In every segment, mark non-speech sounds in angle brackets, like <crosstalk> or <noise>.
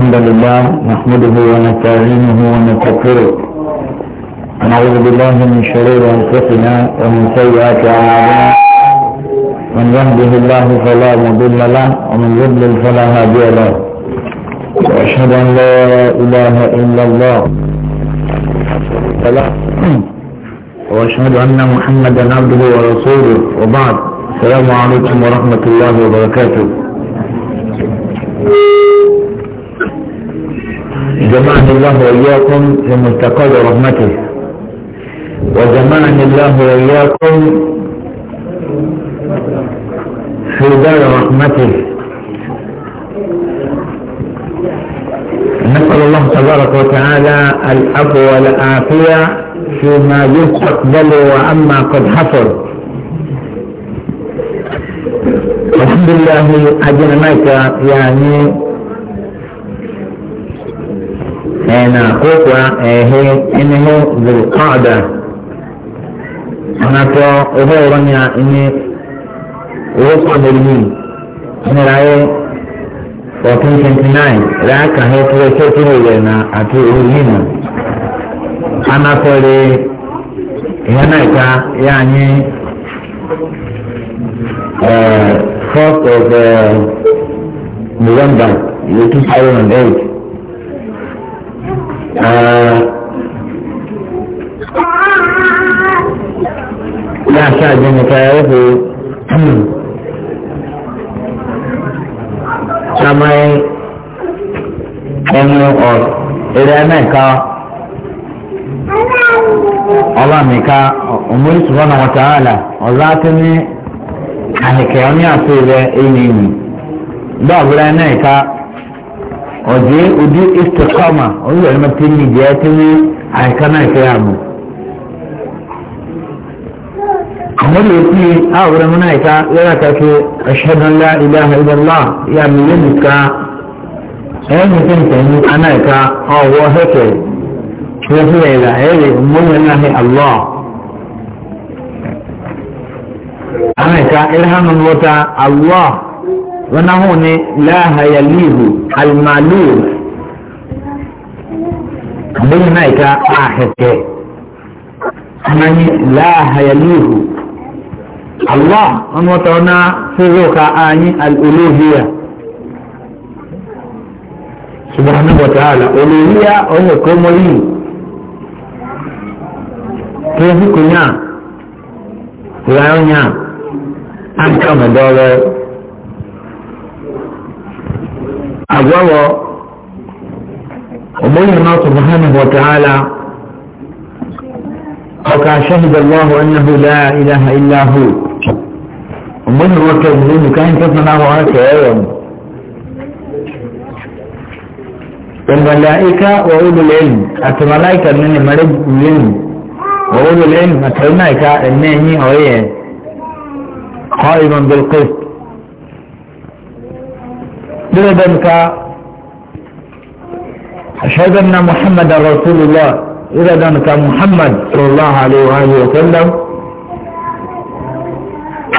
الحمد لله نحمده ونستعينه ونستغفره ونعوذ بالله من شرور انفسنا ومن سيئات اعمالنا من يهده الله فلا مضل له ومن يضلل فلا هادي له واشهد ان لا اله الا الله فلا واشهد ان محمدا عبده ورسوله وبعد السلام عليكم ورحمه الله وبركاته جمعني الله وإياكم في ملتقى رحمته وجمعني الله وإياكم في دار رحمته نسأل الله تبارك وتعالى العفو والعافية فيما يستقبل وأما قد حصل الحمد لله أجنمك يعني na kokwa ehe eneho zulqaada anato obo oranya ini owo pandemi ini 1429 raya ka he tuwe chotiro ye na atu uhina anatole na yanyi ya 4th of uh, November 2008 لا شاهد انك يعرف samai ẹnu ọ eré mẹka ọba mẹka ọmọdé sùgbọn àwọn tààlà ọzọ àti ní àhìkẹ ọní àti rẹ ẹyìn ẹyìn bá ọbúra ẹnẹka ọ̀dẹ́ ojú istikọ́mà ojú ẹ̀rọ tí ní ìjẹ́ tí ní àìkánná ìfẹ́ àmọ́. àwọn yóò fi àwòrán mú náà ìka yára kàkí aṣẹ́dọ́lá ìdáhà ìdọ́lá yà mí lé nìka ẹ̀yìn tí ń tẹ̀yìn aná ìka ọ̀wọ́ hẹ́kẹ̀ tí wọ́n fi rẹ̀ ìlà ẹ̀rẹ̀ mọ́wé náà ní àlọ́. aná ìka ìlhánú lọ́ta àlọ́ wanaho ni laha yalihu almalur abin na ita a hake anani laha yalihu Allah an wata wana sirro ka anyi al'uluhiyya subhanahu wa ta'ala uluhiyya onye komori ke hukunya ya onya an kama dole agwawo ubayin na subhanahu wa ta'ala ọka shahid allahu annahu la ilaha illa hu ubayin wata zuwa kayan tattana wa aka yawon والملائكة وأولو العلم الملائكة من المرج العلم وأولو العلم أتمنى إنني أويه قائما بالقسط بردنك أشهد أن محمد رسول الله بردنك محمد صلى الله عليه وآله وسلم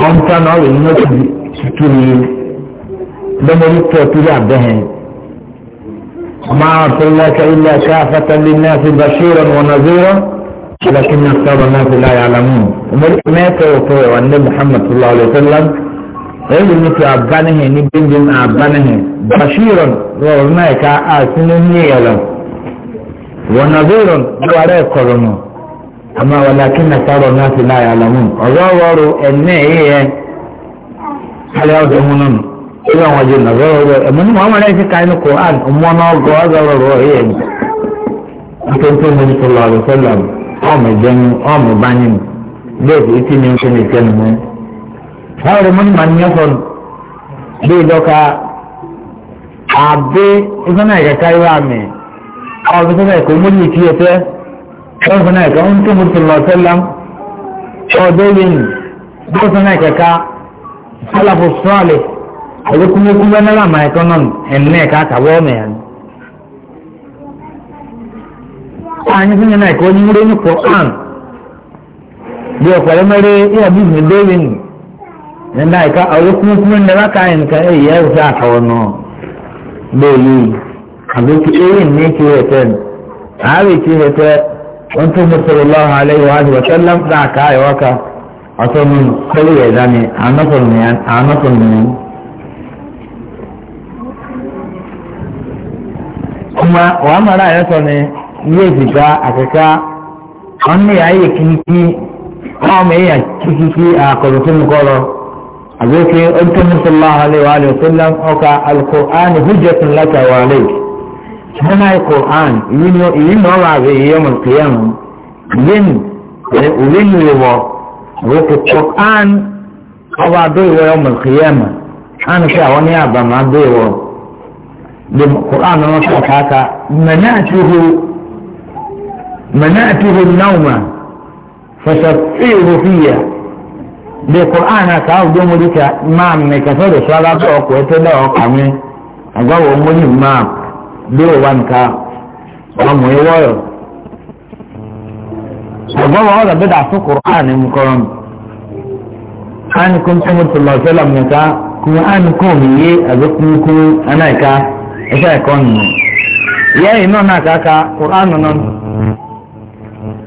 أنت نعوذ الناس تريد لما يكتب تلع ما أرسلناك إلا كافة للناس بشيرا ونذيرا لكن أكثر الناس لا يعلمون وملك مات وطوع النبي محمد صلى الله عليه وسلم ẹ̀yìn ní ti àbánihẹ̀ ní bíndín àbánihẹ̀ bashiron lọ́rọ̀ náà ká àtúnú ní ìyàlọ́ wọn nàbẹ́rọ̀n lọ́wọ́rẹ́ ẹ̀kọ́rọ̀ nù àmọ́ wàlákì nàkàrọ̀ náà ti láyà lọ́mú ọ̀rọ̀ wọ́ọ̀rọ̀ ẹ̀nẹ́ ẹ̀yẹ kálí ọ̀dọ̀ múnú nù kí wọ́n wọ́n jẹ nàbẹ́rọ̀ ẹ̀mọ́ ní muhammed ẹ̀ṣin ká inú koran ọmọnà ọgọ́ ọgọ́rọ̀ ẹ̀yẹ ní nítorí mo ní sọlọ àlùfẹ́ lọ ọmọ ìjẹun ọmọ ìbáyìí lóòtú ìtì ní nǹkan ìkẹnu mọ́ fáwọn mọ́ni màá níyàn fọ́nù bí ìdọ́ka àbí ìfọ́nà ìkẹ́kẹ́ ayé wa mi àwọn ìfọ́nà ìfọ́nà ìkọ́ mọ́ni ìkí ẹ̀fẹ́ wọ́n fọ́nà ìkọ́ ń tó mọ́tò lọ sẹ́lá ọ̀dọ́ yẹn bí ìfọ́nà ìkẹ́kẹ́ sálàfọ́ sọ́ọ̀lẹ̀ àlékúnlékúnlẹ́ náírà máa ẹ̀kọ́ náà ẹ̀mí ẹ̀ka àtàwọ́ ọ̀mẹ̀ yẹn. àyìn fún yẹn náà ìkọ́ onímúrẹ́ ní kọ́ yanda ka aure kuma kuma da ba ka yin ka eh ya za ka wano dole abin ki irin ne ke hotel abi ki hotel wancan musallallahu alaihi wa alihi wa sallam da ka yi waka a to mun kullu ya zame a nafin ne a nafin ne kuma wa mara ya so ne ne shiga a kaka wannan yayi kinki kuma mai ya kiki a kwamitin koro أبوكي قلت صلى الله عليه وآله وسلم أوكا القرآن هجة لك وعليك هنا القرآن يين وضع في يوم القيامة ين ولين يبا أبوكي القرآن وضع دوي يوم القيامة أنا شاوني أبا ما دوي بالقرآن نصحك هكا منعته منعته النوم فشفيه فيه de quran aka awo de mori ka maa mi ka fẹ́ de sọ alábọ̀ ọkọ̀ ẹ̀ tẹ́ dá ọkà mi àgbà wọ̀ mọ́ni máa bí o wà nìka ọmọ yẹn wọ́ọ̀yọ̀ àgbà wọ̀ ọ̀rọ̀ bí dàá fún quran mu kọ́rọ̀ mi. an kun tẹ́ mo tẹ̀lé ọ̀sẹ̀ lọ́mọ nìka kun an kún mi yé àgbẹ̀ kún kún anáìka ẹ̀ṣẹ̀ ẹ̀kọ́ nìyẹn. ìyá yìí náà kàkà quran nínú.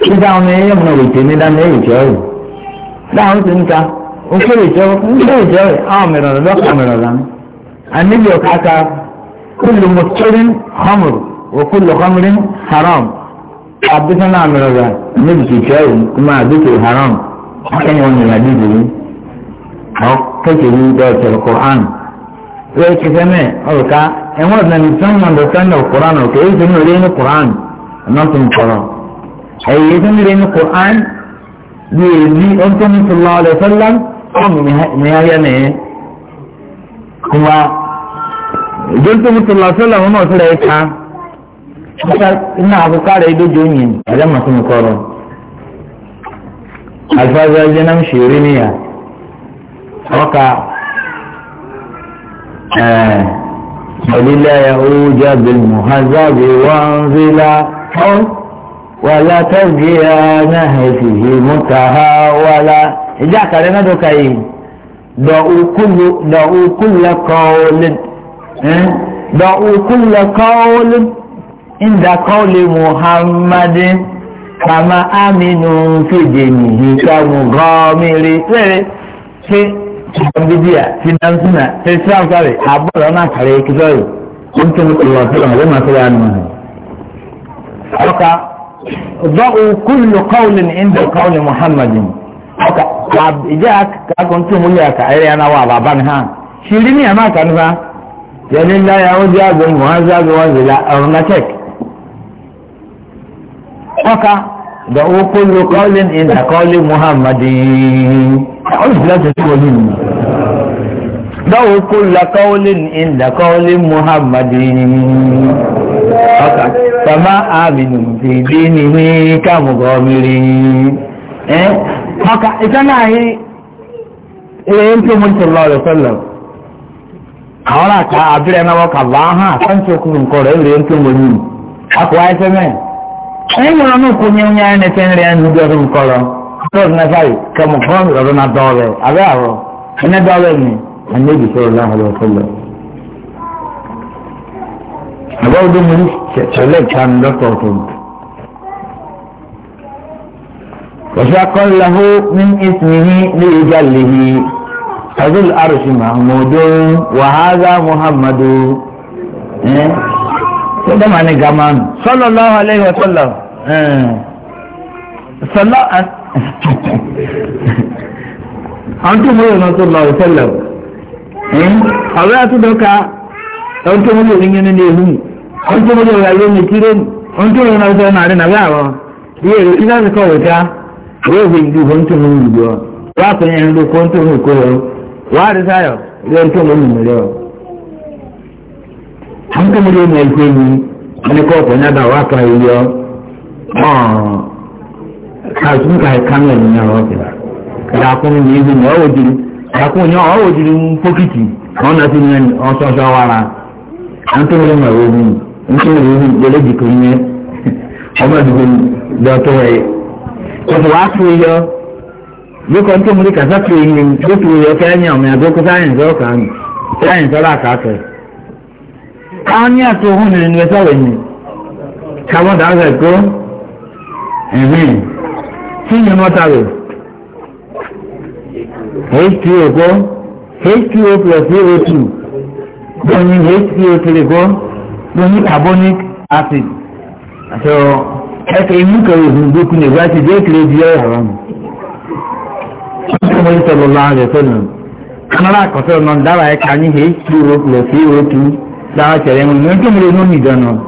nígbà wọn ẹyẹ mọ ètè ní dáná ẹyẹ ìjọ rẹ dáhùn sí nǹka ó kéré ìjọ nígbà ìjọ rẹ àwọn mìíràn lọ lọkọ mìíràn lánà àníbi ọ̀kàkà kúlù mùsùlùmí hàmùrù òkúlù hàmùrù haram àbíkọ́ náà mìíràn rẹ níbi ìjọ rẹ kúmọ̀ àbíkọ́ haram akẹ́yìn wọn yìí láti dìbò yìí àwọn kékeré ní ìjọ ìjọ kọ́án wọ́n ti fẹ́ mẹ́ ọ̀rùka ẹ̀wọ̀n ọ̀dùnà ní sọ́nà ọ̀dùnà kọ́án ọ̀kẹ́ ẹ̀yẹ tó ń lé ní quran bí èmi ó ń tó ní sọlá ọ̀lẹ́ sọlá ọ̀mù ní ayé ní ẹ̀ kuma ìjọ tó ní sọlá sọlá ọ̀mù náà sọlá ẹ̀ka ina abukara idojo yin ẹ̀rẹ́ màtí mi kọ́rọ̀ alfaza ẹ̀jẹ̀ náà ń ṣeré níyà ọkà ẹ̀ẹ́ ولله يعوج بالمهذب وانزلا wàlá tẹ́jì ẹ̀ẹ́nà ẹ̀sìsì mútàhá wàlá ìjà kàrẹ́ náà dọ́kà yìí dọ̀ọ̀kúnlẹ̀ kọ́ọ̀lù ìdá kọ́ọ̀lù muhammadin kàmá aminu fèdè nìyí kàmù gọ́ọ̀mìrì rẹ̀ ṣe ṣàbídíà ti dánsúnà ṣe ṣáàkàrẹ̀ àbọ̀lọ́ náà kàrẹ́ kìlọ́ọ̀lù ó ń tún ìwọ̀n tó lọ́wọ́ lọ́wọ́ ضعوا كل قول عند قول محمد ìjẹ́ kakọ̀ tí mo yà kàírí ẹ̀nà wà bàbá ní hàn ṣìrí ní àmà kan fa yẹni láyà ó jẹ́ àgbẹ̀ mọ̀ wọ́n jáde wọ́n zèlà ọ̀rọ̀ náà tẹ̀k. ọkà the open local in the calling muhammadin. ọ̀rọ̀ ìfìlẹ̀ tó ti wọlé nìyí dáwò kó lakọ́wọ́lé ìlàkọ́wọ́lé muhammadu ọkà tàbá àmìnù ìdí ni ní kàmùgọ́ mìírí ẹ́ ọkà ìtànà àyí ilẹ̀ ń tó mú ìtòlọ́ rẹ̀ sọ́lọ̀ àwọn àkà àbírẹ̀ náà wọ́n kàbá hàn sáńtì okùnrin nǹkan rẹ̀ ilẹ̀ ń tó mú yìí akọ̀ àìsẹ́ ẹ̀yìn wọn náà kò ní oúnjẹ ẹni tẹ́ ń rẹ̀ ń dúdú ọdún kọ́lọ́ tó ọdún náà fáyì kàmùgọ́ ọdún náà dọ́ọ̀rẹ̀ abẹ́ àrọ̀ ẹni dọ́ọ̀rẹ̀ mi annabi sallallahu alaihi wasallam abawo do mun chale kan do to to wa shaqqa lahu min ismihi li jallihi hadhul arshi mahmudun wa hadha muhammadu eh da mane gaman sallallahu alaihi wasallam eh sallallahu antum wa sallallahu alaihi wasallam ọ̀rẹ́ àtúndọ́ka ọ̀n tó mọ́lẹ̀ òní yẹn ní ehu ọ̀n tó mọ́lẹ̀ òní ayé ní kíló ọ̀n tó mọ́lẹ̀ ọ̀sẹ̀ náà rìn àbẹ́ àwọ̀ yíyẹ rẹ̀ kíkà sí kọ̀wé ká ìwé òfin ìlú ọ̀n tó mọ́lẹ̀ ìlú ọ̀ wá pé ẹni ló kó ọ̀n tó mọ́lẹ̀ kó yọ wá rí sáyọ̀ ilé ọ̀n tó mọ́lẹ̀ mọ́lẹ̀ ọ̀ ọ̀n tó mọ́lẹ̀ ọ̀nà ìpè mi ọ̀n kọ́ ọ̀pọ̀ nyádà wá pa ìlú àkún ní ọ̀rọ̀ òjìrí mú pókìtì ọ̀nà tí ní ẹni ọ̀ṣọ́ṣọ́ wára à ń tó lè mọ̀ omi ń tó lè rí lẹ́lẹ́jì kò ní ọmọ ìdìbò lọ́tọ́ ẹ̀ ọ̀pọ̀ wá tó yọ lókọ̀ tó mú ní kàtà tó yẹ tó tó yọ kẹ́yìn ọ̀mọ àgbókò sáyẹ̀nsì ọ̀kà ń sáyẹ̀nsì ọ̀là àkàtọ̀ káwọn ní àtò òhun ní ẹni ẹsẹ̀ wẹ̀yìn carbon dioxide kó ẹ̀hìn tí ìyẹn mọ́ta rẹ̀ H2O kọ́ H2O plus CO2 wọ́n ní H2O3 kọ́ wọ́n ní carbonic acid àti ọ̀ ẹ̀kẹ́ inú kẹrù ìgbìmọ̀ kún ní ìgbàtí jẹ́ kìlẹ̀ di ọ̀rọ̀ àwọn ọmọ ọmọ ìṣẹ̀lẹ̀ lọ́wọ́ rẹ̀ sọ́nà kanára àkọsẹ́ ọ̀nà dára ẹ̀ka ní H2O plus CO2 dára tẹ̀lé wọn ní ọjọ́ mìíràn ní ìdáná àwọn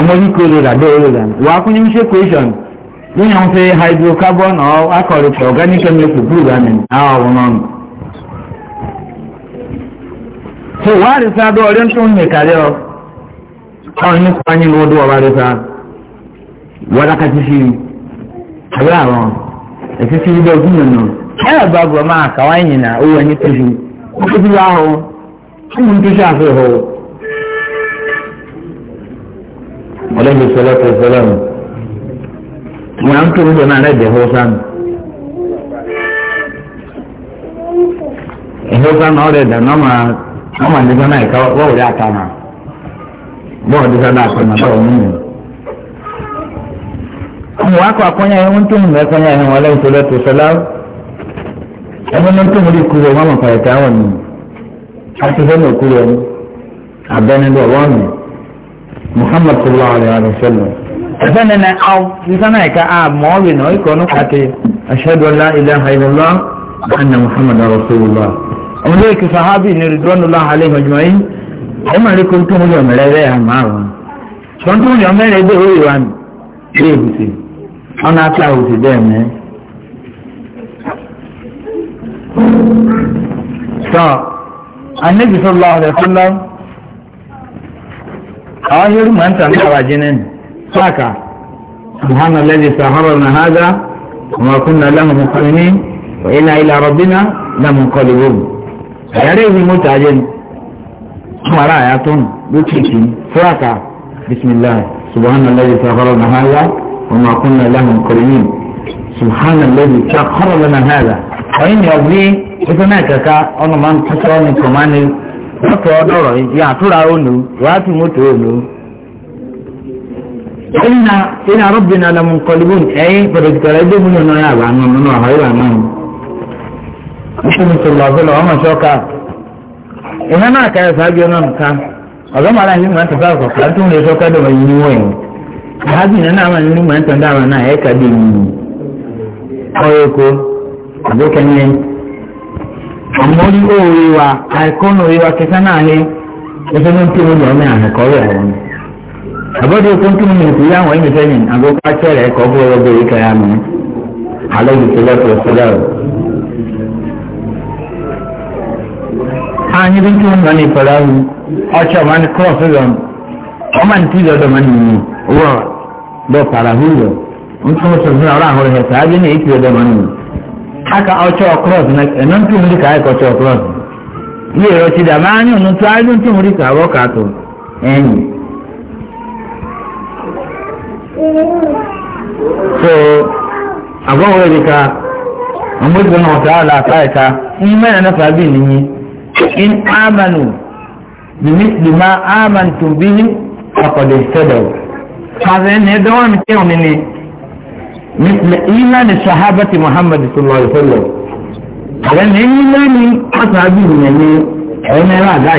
ọmọ yìí kò lè rà bẹ́ẹ̀ lè rà wà á kún ní ṣe equation nínú àwọn ṣe hydrocarbon or akọ̀rìkì organic chemical group àmì àwọn ọ̀nà. so wàá rí sáà dọ́ ọ̀rẹ́ tó ń lè kárí ọ káwọn ní kó anyi lọ́wọ́ dúwọ́ wá rí sáà wọ́dà ká títí àbúrò àwọn ètí tí ìdá ojú nìyẹn náà ẹ̀rọ bá bọ̀ máa kàwá ẹ̀yìn náà owó ẹni tẹ̀sí ó tó ti wá hó ó mú tó ṣe àfihàn. ọlọ́run sọlá tó sọlá nù mo à ń tó níjọ náà lẹ́dẹ̀ẹ́ hausa nù. hausa náà ọ̀rẹ́ dà náà máa náà máa níjọ náà ìka wọ́wọ́ rí ata náà bọ́ọ̀ dídá náà kọ́ náà bọ́ọ̀ mímu. mo wá kọ́ akọ́nyá yẹn wọ́n tó mú ẹ̀kọ́nyá yẹn wọlé nítorí ẹ̀tọ́ sọlá ẹni wọ́n tó mú rí kúrò wọ́n mọ̀ pàrẹ̀tà wọn nù àti sẹ́ni òkúrò ẹni abẹ́ni lọ́wọ́ nù muhammadu sallallahu alayhi wa sallam ẹ̀fẹ́ni na ọ sísánà ẹ̀ka àmọ́ ọ̀rìn náà ikọ̀ ọ̀nù kàtẹ́ aṣẹ́dọ̀lá ilẹ̀ àìlọ́lá anna muhammad rasulillah ọmọdé kì sàhábì ní rìdúrọ́nùlá alẹ́ ìmọ̀jùmọ̀ yìí ẹ̀ máa rí kóńtó múlẹ̀ ọ̀mẹ́rẹ́ rẹ̀ àmà wọn. sọ́ńtò múlẹ̀ ọ̀mẹ́rẹ́ ẹgbẹ́ orí wa ní èbùsì ọ̀nà àtà òsì bẹ́ẹ̀ mẹ́. sọ anabi ọ̀rẹ́ fúnlá àwọn yorùbá ń tàn ساكا سبحان الذي سهرنا هذا وما كنا له مقرنين وإنا إلى ربنا لمنقلبون فيريه متعجل مرايات بكتين ساكا بسم الله سبحان الذي سهرنا هذا وما كنا له مقرنين سبحان الذي سخر لنا هذا وإن يرضي إذنك كأن من تسرني كمان Wọ́n tọ́ ọ́ dọ̀rọ̀ yìí, yàtúrà ònú, wàá tún mọ́tò ònú, وإنا إلى ربنا لمنقلبون أي فرزقنا يدوم لنا يا بعنون من وحي بعنون محمد صلى الله عليه وسلم شوكا إنا ما كان سابيونا كان أظن على أنه ما تفاقه فأنتم لشوكا دوما ينوين هذه أنا ما نلوم أنت دعوة أنا هيك دين أويكو أبوك أنين أمولي أويوا أيكون أويوا كسانا هي إذا نمتلون يومي أنا كوري أولا abọ́dé okun tún mi ìpínlẹ̀ àwọn ẹ̀yìn sẹ́yìn àgọ́kọ́ àtẹ̀rẹ̀ ẹ̀kọ́ fún ọwọ́ bẹ̀rẹ̀ kẹyà mi alẹ́yìn sílẹ̀ tó sílẹ̀ o. anyi bin tun mani farahu ọ̀chọ̀ mani kọ́ọ̀sì lọ ọmọ ní tíjọ́ dọ̀ mani mu wọ́ bọ́ farahu lọ ntun sọ fún ọ̀rọ̀ àhọ́rẹ́ hẹ̀ sáájú ní ìtìjọ́ dọ̀ mani mu aka ọ̀chọ̀ kọ́ọ̀sì náà ẹ̀nà tún mi kà ẹ̀kọ́ ọ̀chọ̀ kọ́ọ̀sì yíyẹ ọ̀chì ní ọ̀nà tó ayé ló ń tún so agbanwe dị ka ọmụdụ na ọta ala aka ka n'ime na nafa bi in amanu bimisli ma amantu bihi akọdụ sẹdọl kazẹ na ẹdọ wọn kẹ ọ nini misli ina ni sahabati muhammad sallallahu alaihi wasallam na ina ni ọta bi n'iyi ẹnẹ ra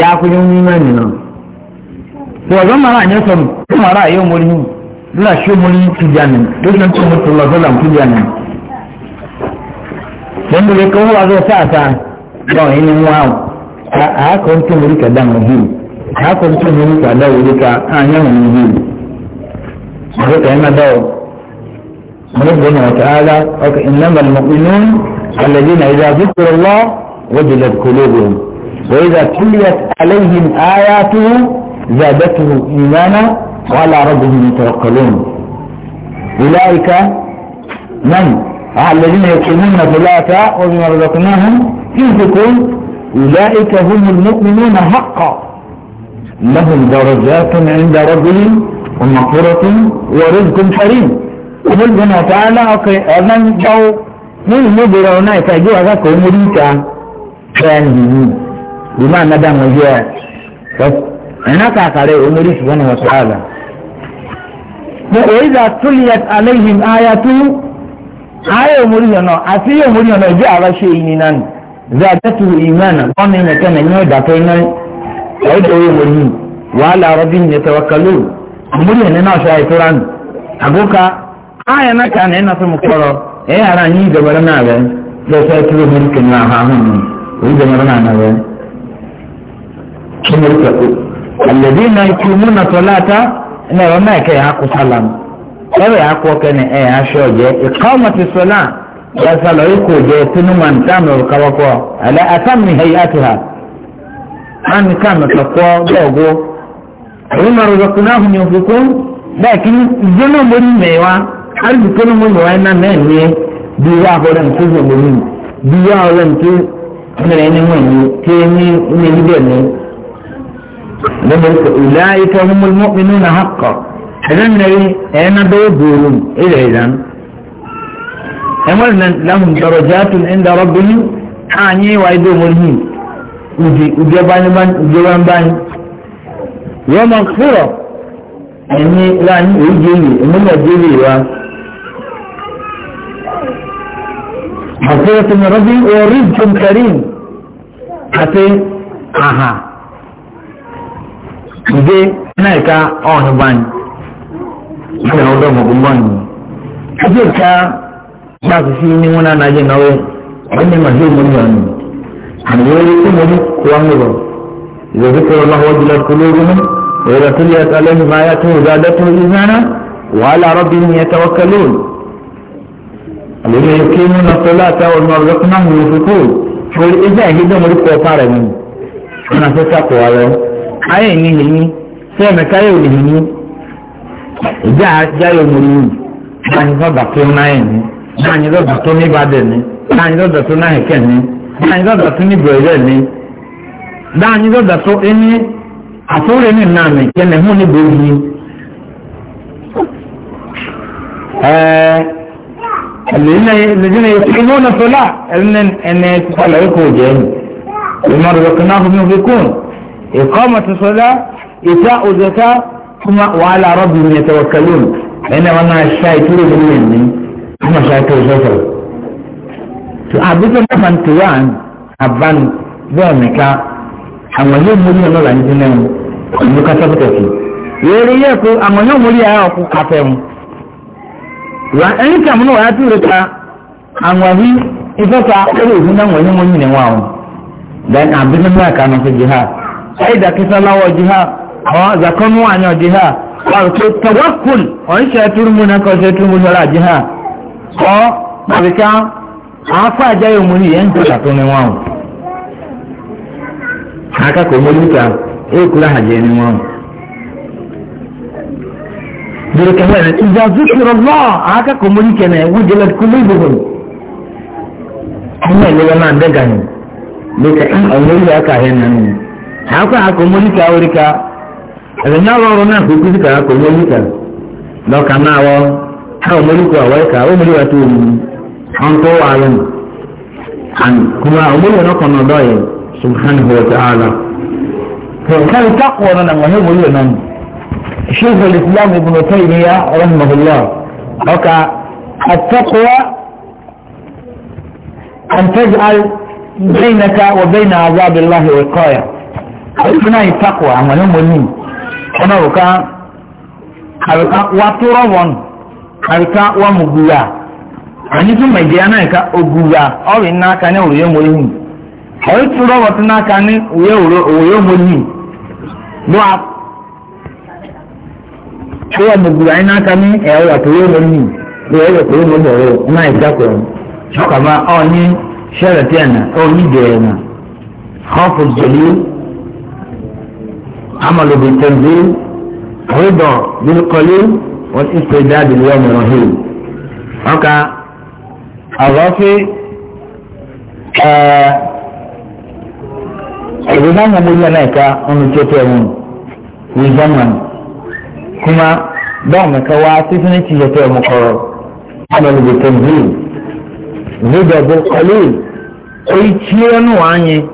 ya kụnyụ ime nọ. wọ̀zọ́ mara àyẹ́ sọ̀rọ̀ tí mara àyẹ́ omori ní lọ́la ṣe omori kìjànì lóṣù tó mú tó lọ́sọ́lá kìjànì lẹ́nu lè kọ́ wọ́n wá sáàsá lọ inú wọn àwọn àákọ́ tó mú ríkà dáhùn yìí àákọ́ tó mú ríkà dáhùn ríkà àyẹ̀wò yìí àríkà iná dáhùn ونبغنا وتعالى إنما المؤمنون الذين إذا ذكر الله وجلت قلوبهم وإذا تليت عليهم آياته زادته إيمانا وعلى ربهم يتوكلون أولئك من آه، الذين يقيمون الصلاة وبما رزقناهم ينفقون أولئك هم المؤمنون حقا لهم درجات عند ربهم ومغفرة ورزق كريم قل تعالى أمن جو من مدر هناك جوا ذاك ومريكا كان بمعنى دام بس ẹ̀nà kàkàrẹ̀ omori ṣùgbọ́n wọ́n sọ́ọ́lá mo èyí dà túlìyàt aléhìm ayatú ayé omori ọ̀nà àti iye omori ọ̀nà ìjẹ́ àbáṣe ìní náà nì zàdẹ́tù ìmánà wọ́n mi nìkẹ́ nà ní ọ̀dàkẹ́ iná ẹ̀ẹ́dẹ̀ owó omori yìí wàhálà rọ́bì ní tẹwàkàlù omori ẹ̀nà náà ṣe àìtúrà nù àgókà ayé náà kà ní ẹ̀nà tó mu kọ́rọ̀ ẹ̀yà ara yín ìdọ̀bẹ̀rẹ̀ náà rẹ̀ lọ́sọ̀ọ́ tí omori kìnnìún àhàhùn mi òun ìdọ̀bẹ̀rẹ̀ náà rẹ̀ kí ni ó kẹ́kọ̀ọ́ alẹ́dínà ìtumúnà tọ́láta ẹ̀nà ẹ̀rọ náà kẹ́ ẹ̀ á kó sálàm ẹ̀rọ ẹ̀ á kó ọkẹ́ ni ẹ̀ á ṣọ́ jẹ́ ìkọ́mọ̀ ti sọ́lá ẹ̀ sálọ ikú jẹ́ tinubu àtàmì òkàwọ́kọ́ àlẹ́ àtàmì ẹ̀yẹ àtìhà àmì kàmì kọ̀kọ́ bẹ́ẹ̀gbó èyí máa rọ̀rọ̀ kùnà àhùn yóò fi kún bẹ́ẹ̀ kí ìjọ́nà mo ní mẹ́wàá àrùbí tó ní mo lọ náà ní bí wàá ọ̀rẹ́ mi tó ṣe bí wàá ọ̀rẹ́ mi tó ní لما أولئك هم المؤمنون حقا إذا النبي أنا بيقولون إذا إذا هم لهم درجات عند ربهم أعني وأيدو ملهم وجبان بان وجبان بان أكثر أني يعني لا يجيلي يعني إنما يجيلي و مغفرة من ربي ورزق كريم حتى أها nje na ka ọhụrụ banyị ndị ọdọ mọgụ banyị ọjọ ka ba su fi ni wọn na je nawe wani ma zai mun yana an wani kuma ni kuwa ne ba da zikr Allah wa jalla qulubuhum wa ila tuliyat alaihim ayatuhu zadatuhum imana wa ala rabbihim yatawakkalun alladhina yuqimuna as-salata wa mimma razaqnahum yunfiqun fa idza hidamul kufara min ana sai takwa yau ayé ní hìní sí ẹ̀mẹ̀ká yóò lè ìjà ajá yóò mú yìí báyìí lọ́dà tó náà ní báyìí tó ní ìbàdàn ní báyìí lọ́dà tó náà ẹ̀kẹ́ ní báyìí lọ́dà tó ní ìbẹ̀rẹ̀ ní báyìí lọ́dà tó ní àtúrẹ́ ní nà mí kẹ́nẹ̀ hún ní bẹ́ẹ̀ yìí. الذين يقيمون iqamatu sala ita'u zakat kuma wa ala rabbihim yatawakkalun ina wannan shayi turu ne ne kuma shayi turu sosai to abin da man tuwan abban zai mika àwọn yóò mórí ọ̀nà ọ̀là nídìí náà ìlú kátàkùtàkì eré yẹ kó àwọn yóò mórí ara ọkọ kàfẹ wọn. wà ẹni tí àwọn wàá tún lè ta àwọn àbí ìfọ́fà ẹ̀rọ ìfún náà wọ́n yóò mórí nìwọ̀n àwọn. then àbí nínú àká náà fi jihad aida kisala wa jiha awa zakonu wa nyo jiha wa ke tawakkul on se turmu na ko se turmu sala jiha ko mabika afa jayo muni yen ko ta to ne wa haka ko mo luta e kula haje ni wa dire ka wala idza zikra allah haka ko mo ni kene wujilat kulubuhum amma le wa nan daga ni ne ka an ne haka akomolika orika ẹ̀rẹ̀ náà wọ́n náà kò kúrò ká akomolika lọ́ka náà wọ́n akomolika ọ̀wẹ́ka omolika tó wù ọ̀nkọ́ àrùn kuma omolika náà kọ̀nà ọ̀dọ́ yẹn subhanahu wa ta'ala kan takwa nan wa hin wuri nan shaykh al-islam ibn taymiyyah rahimahullah aka at-taqwa an taj'al بينك وبين عذاب الله وقايه àìsíná ìtakò àwọn ọmọ ní ọmọ òkà àríká wa tóró wọn àríká wa mú gbúra àní tún mẹ̀jẹ̀ náà ìka ògbúra ọ̀rìn náà ká ní òwúyẹ́ mọ́ yìí ọ̀rìn tóró wọn tún náà ká ní òwúyẹ́ mọ́ yìí ló a tó wà mú gbúra iná ká ní ẹ̀rọ àtòwúyẹ́ mọ́ yìí ló ẹ̀rọ àtòwúyẹ́ mọ́ yìí ọ̀rọ̀ náà ìtakò ọkà ọ̀ ní sẹ́rẹ̀tì ẹ̀nà ọ̀ ní ìdè ẹ̀nà عمل بالتنزيل رضا بالقليل والاستعداد اليوم الرهيب هكا أضافي الإمام أبو ينايكا أنه تتعون للزمن كما دعمك وعطفني تجتع مقرر عمل بالتنزيل رضا بالقليل أي تيرا نوعاني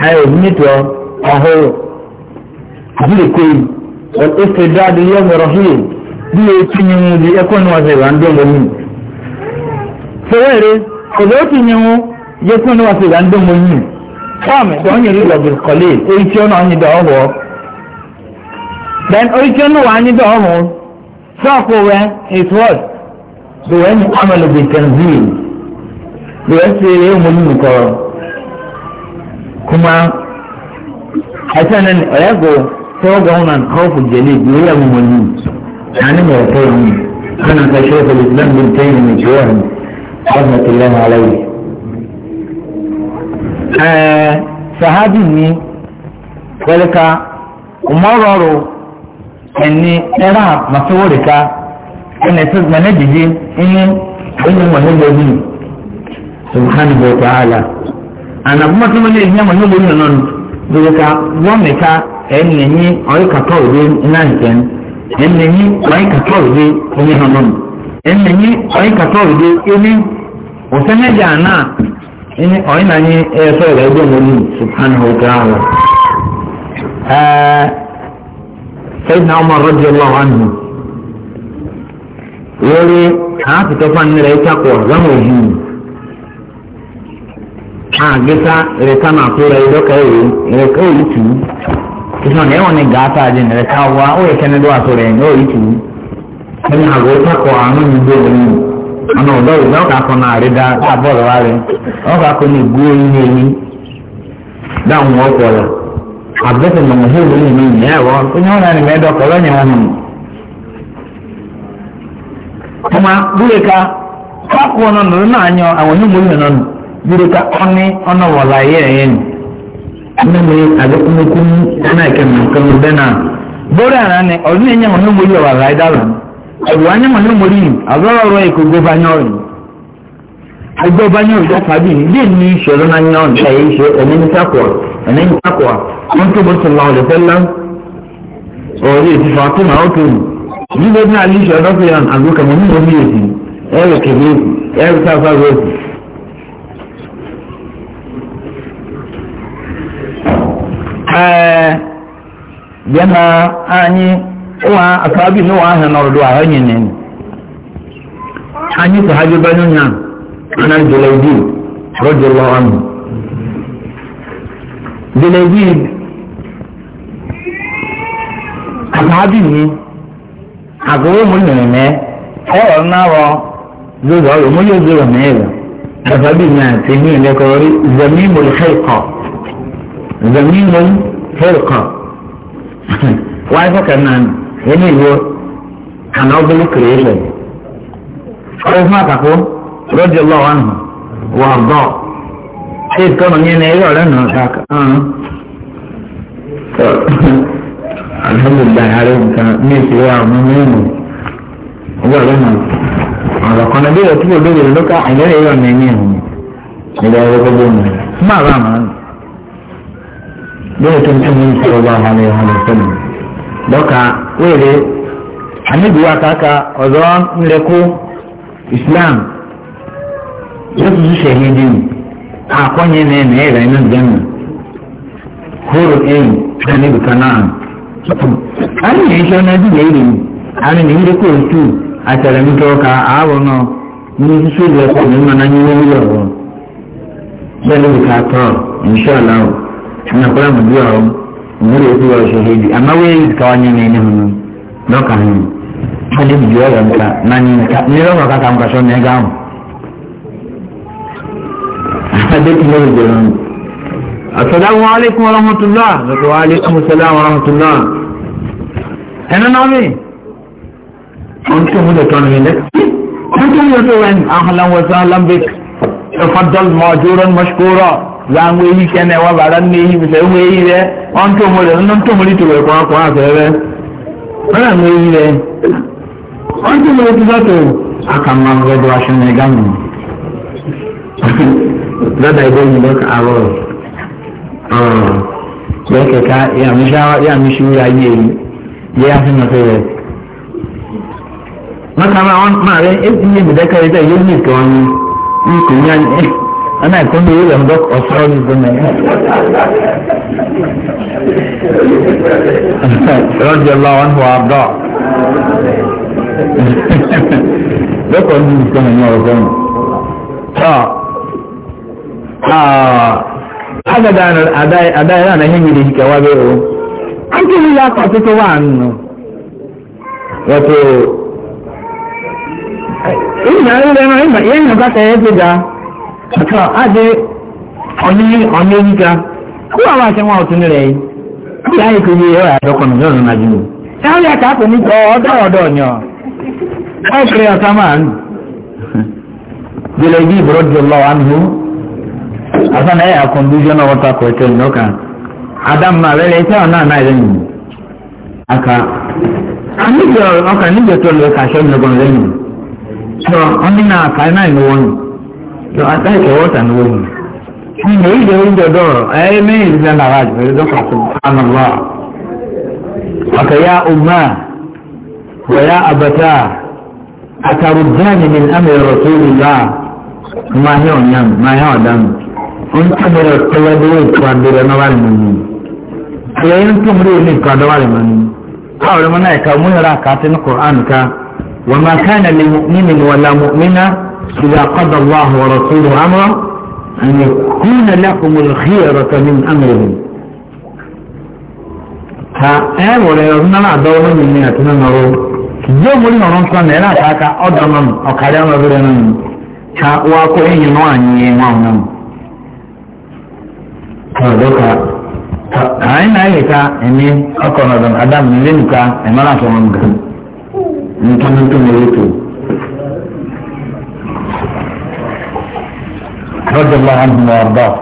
هاي ابنته أهو àbílẹ̀kọ́yì ọ̀tẹ́sẹ̀ dáadé yọmọ rọ̀hìn bí o ti yẹn wọn di ẹkọ́ ní wọn ṣe ìwà ń dọ̀ lọ́mú. sọ̀rọ̀ kọ̀dọ̀ ti yẹn wọn yẹ kọ́ ní wọn ṣe ìwà ń dọ̀ lọ́mú. fáàmì tó ń yẹrí lọ́bì kọ́lé orí tí ó náà ń yí dọ̀ then orí tí ó náà wà ń yí dọ̀ sọ́ọ̀kù wẹ́ it was the way ni amalo bi tanzil the way ṣe eré ọmọlúmi kọ́ kuma ẹ̀sán ni ọ̀rẹ́ gò توقع عن خوف الجليد وهي ممنون يعني ما يتيهم أنا كشيخ الإسلام بن تيمية من جواهم رحمة الله عليه آه صحابي مي ولك مرروا أني أرى مصورك أن أساس ما نجي إني إني مهندني سبحانه وتعالى أنا بما تمنى إني مهندني نون ذلك ومك ẹni ẹni ọyí kàtọ òde iná ìtẹn ẹni ẹni ọyí kàtọ òde omi hanom ẹni ẹni ọyí kàtọ òde ẹni ọsẹmẹjà náà ẹni ọyí náà ní ẹsọ rẹ ẹgbẹ wọlé subhanahu wa ta'ala ẹẹ sẹyìn náà ọmọ rọjò ọlọrọ àná wọlé àwọn akitọfà nílẹ ìtakọ lọwọ òhìn àgbẹsà ẹrẹta náà kóra ẹdọkà ẹrẹ ẹrẹka èyí tù ú ìṣúná ní ẹ̀wọ̀n ní gàáta àjẹnì rẹ̀ ká wá ó yẹ kẹ́ni ló wà tó rẹ̀ ní òyì tù ú ẹni àgọ́ ó tọkọ àánú mi gbé wọn nù ọ̀nà ọ̀dọ́ ìgbà ọ̀kà kan náà rí dáa tá a bọ̀rọ̀ wá rẹ̀ ọ̀kà kan ní ìgbó oyin ní eyín dáhùn wọ́n pọ̀ rẹ̀ àbẹ́sẹ̀ mọ̀mọ́ sí ìwé mi ní ẹ̀rọ onye ọ̀nà ni mẹ́ẹ̀dọ́kọ̀ lọ́nyẹ̀ ana mai aga kuma kun ana kan nan kan dana bora na ne odun enya mo mo yo wa da la awu anya mo mo ri azoro ro e ko go ba nyo ri agbo ba nyo da fa bi ni ni se ro na nyo da yi se eni ni takwa eni ni takwa on to bur sallallahu alaihi wasallam o ri ti fa na o to ni ni na ali se ro ko yan agu ka mo ni mo mi e ti e ke ni e ta fa ro ya e, bịa na anyị ụwa asabi n'ụwa ahụ nọrọ ahụ enyi nene anyị sahabi banyu nya ana julaidi radiyallahu anhu julaidi asabi ni agụrụ mụ nyere mee ọrụ na-arọ ọrụ mụ yóò mee ya asabi a ha زميل فرقة وعلى فكرة نعم يعني هو كان أفضل كريشن أو ما تقول رضي الله عنه وأرضاه سيد كما يعني يقول أنه شاك الحمد لله عليهم كان ميسي وعمامين يقول أنه على قنابير تقول بيجي لك عيني يقول نيمين إذا يقولون ما رأى bẹ́ẹ̀ tó ń tẹ́ wọn sọ̀rọ̀ bá wọn lẹ́yìn wọn lẹ́sẹ̀ mi. lọ́ka wéèrè àníbùwà kàkà ọ̀dọ́ ńlẹ́kọ́ islam yóò tún ṣẹ̀yìn dín àkọ́nyẹ́ nẹ́ẹ̀mẹ́ ẹ̀rọ iná gbẹ́mù hóró ẹ̀yìn àníbù kanáà. àní yẹn ṣe ọ́nà ẹ̀dí lẹ́yìn mi àní ní ńlẹ́kọ́ òtù àtẹ̀rẹ̀mítọ́ ka àárọ̀ náà ní sísú ìlẹ̀kọ́ náà ní wọ́n wúlọ̀ wọ́n. bẹ́ẹ̀ ń ka tọ́ ìṣọ́ọ̀lá ana kula mu biya wa muri yasu wa shahidi amma wai ka wani ne ne hunu doka hunu hadi mu biya wanka na ni ka ni ro ka ka mu ka so ne ga mu hadi ki ne biya mu assalamu alaikum wa rahmatullah wa alaikum assalam wa rahmatullah ana na mi on to mu da ton ne kun tun yato wani ahlan wa sahlan bik tafaddal majuran mashkura zan weyi kene wa baran ne yi bisa weyi re on to mo e <laughs> e le non to mo li to ko ko a fere bana weyi re on to mo li to to akan ma go do ashin ne gamu da da go ni ka aro ah ya ke ka ya e mi sha ya mi shi ya yi ya fi na fere maka ma on ma re e ni mi da ka ita yi ni ko ni ni ko ana kan da yayin da Australia din nan رضي الله عنه وارضاه ذكر من كان يوم haka da a da yana hin yi da wa bai o an ce ni ya kwafi ta wa hannu wato ina yana yana yana kasa ya fi da kàkà adé ọ̀nyẹ́ ọ̀nyẹ́ níta kó àwọn aṣẹ́ wọn ọ̀tún rẹ̀ yìí kí láyé kò yé àánú asan ẹ̀yà kọ̀ndúṣọ́nà wọ́ta kọ̀ọ̀tẹ̀ lọ́kà adam náà lẹ́lẹ̀ iṣẹ́ ọ̀nà náà aka níbi ọ̀kà níbi sọ so attack what and when and he is in the door amen is an araj very doctor subhanallah okay ya umma wa ya abata atarudani min amri rasulillah ma hi onyam ma hi odam on amri rasulillah kwa dira na wale mani kwa yin tumri ni kwa dira wale mani kawai mana ya kamu yara ka ta إذا قضى الله ورسوله أمرا أن يكون لكم الخيرة من أمرهم فأنا ولا يظن لا دولة من مئتنا نرو yóò mú nínú ọ̀rọ̀ ní ẹ̀rọ àtàkà ọ̀dọ̀ náà ọ̀kadà ọmọ ẹgbẹ̀rẹ̀ náà nù ká wá kó ẹ̀yìn náà ní ẹ̀wọ̀n náà nù. ọ̀dọ́ ká àyìn náà yẹ ká ẹ̀mí ọkọ̀ ọ̀dọ̀ adamu nílé nìka ẹ̀mọ́ra sọ̀rọ̀ nǹkan nǹkan tó ń lè tó. رضي الله عنهم وارضاه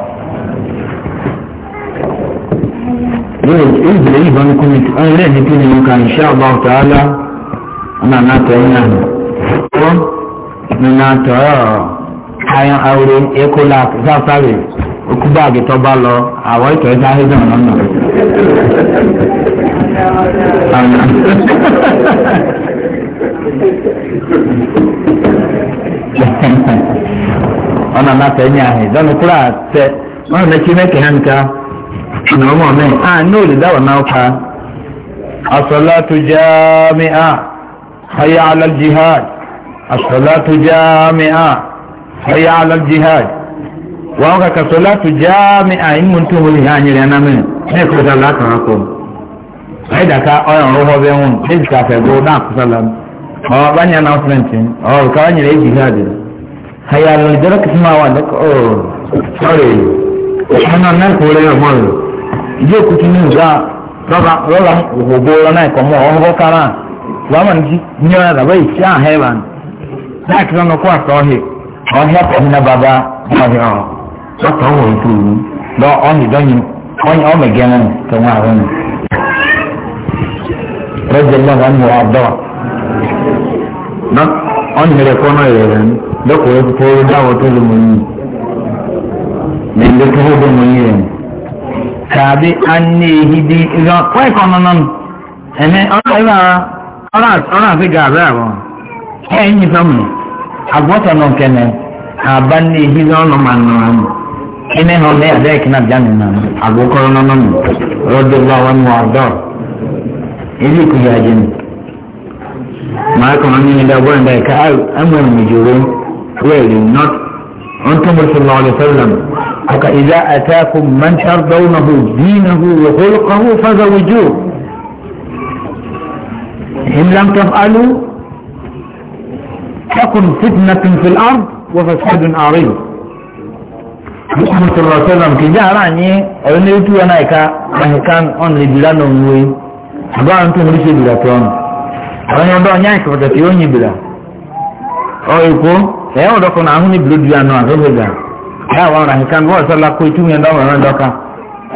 يجب أيضا يكون أولا يكون يمكن إن شاء الله تعالى أنا ناتعينا ناتعينا ayan aure ekola zafare okubagi tó bá lọ àwọn ìtọ̀ ẹja ẹjọ́ lọ́nà. Thank you ọ̀nà náà tẹ̀ ní ahìn dọ́nù kúrò àtẹ ọ̀nà náà chineke ha nka ọ̀nà ọmọ mi à ní òlìdá wọ̀ náà pa asọ̀látù jáàmìà hayà alal jihad asọ̀látù jáàmìà hayà alal jihad wọn kà kasọ̀látù jáàmìà ìmú tó wọlé ha nyere ya námi ní ẹ̀kọ́ ta látọ̀ ha kọ́ ayi daka ọyàn rúbọ bẹ́ẹ̀ wọn ní ìsìkà fẹ́ gbọ́ náà kúsàlámù ọ̀ bá nyà náà fúrẹ́ǹtì ọ̀ kàwé nyere jihad هيا لدرك ما وانك اوه سوري انا نك ولا مر جو كتني جا ربا ربا وبولا نك مو هو كارا ومن جي نيا ربا يا هيفان ذاك لنا كوا توهي او هيا كنا بابا ما هي او سطو انتو لا اوني دني اوني او مجنن كما هون رضي الله عنه وارضاه ọ̀nà rẹ̀ kọ́nà rẹ̀ rẹ̀ ní lọ́kùnrin tó tó dáwọ́ tó lè mọ̀ yìí lẹ́yìn tó tó lè mọ̀ yìí rẹ̀ ní. kàbí a ní èyí di ìgbà wáyé kan nánà nù ẹ̀mí ọ̀nà ìwà ọ̀nà àti gàbẹ́ àwọn ẹ̀yìn ní fẹ́mi àgbọ̀tọ̀ nù kẹ́nẹ̀ àbá ní èyí ní ọ̀nà mà nù àmì hàn ní ẹ̀dá ìkíná jáde nà àgbọ̀kọ̀rọ̀ nánà rọ́dọ̀ bá wọn mú àdọ́ ilé ìkúyà jẹ́ nù. معكم عمي الأبوان ذلك أمر مجورون ويلي نوت أنتم رسول الله عليه وسلم حقا إذا أتاكم من ترضونه دينه وخلقه فزوجوه إن لم تفعلوا تكن فتنة في الأرض وفساد عريض Mọ̀sùn lọ sọ́lọ̀m kì jẹ́ àrá ní ọ̀rẹ́lẹ́ tí wọ́n náà ká ọ̀hìnká ọ̀nà ìdílànà òun wé, àbá àwọn tó mú ní ṣe ìdílà tó ọ̀nà. onye ọdọ onye anyị kọrọ tete onye ibira ọ ekwo ya ọdọ ahụ ni bulu dua nọ azụ bega ya wa ọra hika ngwa ọsọ lakọ etu nwunye ndọrọ ọrụ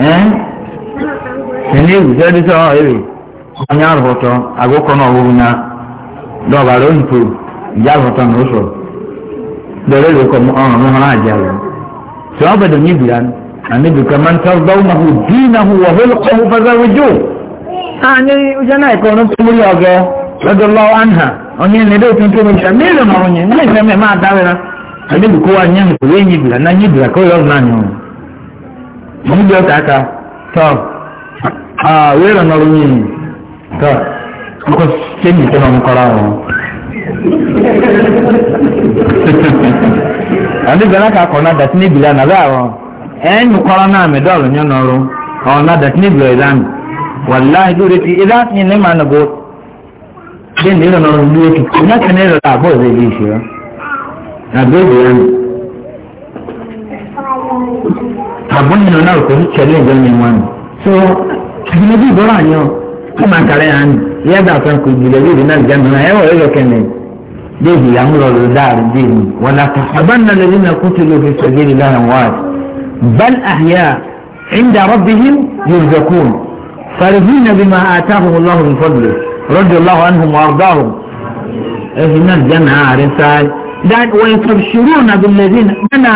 ee sini ewu sị ọdị sị ọ ewe onye arụbọtọ agụkọ na ọwụwụ na dọbara oyipo nje onye onye radiyallahu anha onye na otu ntụ mmecha mmiri na onye ndị nke mmemme adawera adịbikowa anya nke onye na nyibila ka onye ọzọ anyị ọrụ aka tọ a wee rọ n'ọrụ onye tọ nkọ chenji nọ na ka akọ e, na na n'ọrụ ọ na ṣé ní ìrànà ọ̀rọ̀ ìlú òkè kò náà kẹ́ni ìrọ̀lá àbọ̀ ìwé ilé ìṣe ọ́ àbẹ́wò yẹn nù. àbọ̀n nínú náà kò sí tẹ̀lé ìjọ ní wọn nù. so ìgbìmọ̀ bí ìbọ̀rọ̀ àyàn kó máa kàrẹ́ hàn ní yẹ́dà kan kò jùlọ bí ìdíná ìjà mìíràn ẹ̀wọ̀ ẹ̀yọ kẹ́ni déèdì àmúrọ̀ ló dáàrí déèdì wọn làkà àbánnà lè dín nàkú tó ló fi sọ̀gẹ́rì láàrin wáàd bal àhíyá عند ربهم يرزقون فرحين بما آتاهم الله من فضله radiyallahu anhum wa ardahum ẹ̀sìn náà jẹ́ náà àárẹ̀ sáà dáàdì wọ́n yẹn sọ̀rọ̀ ṣòro ọ̀nà abilẹ̀dì náà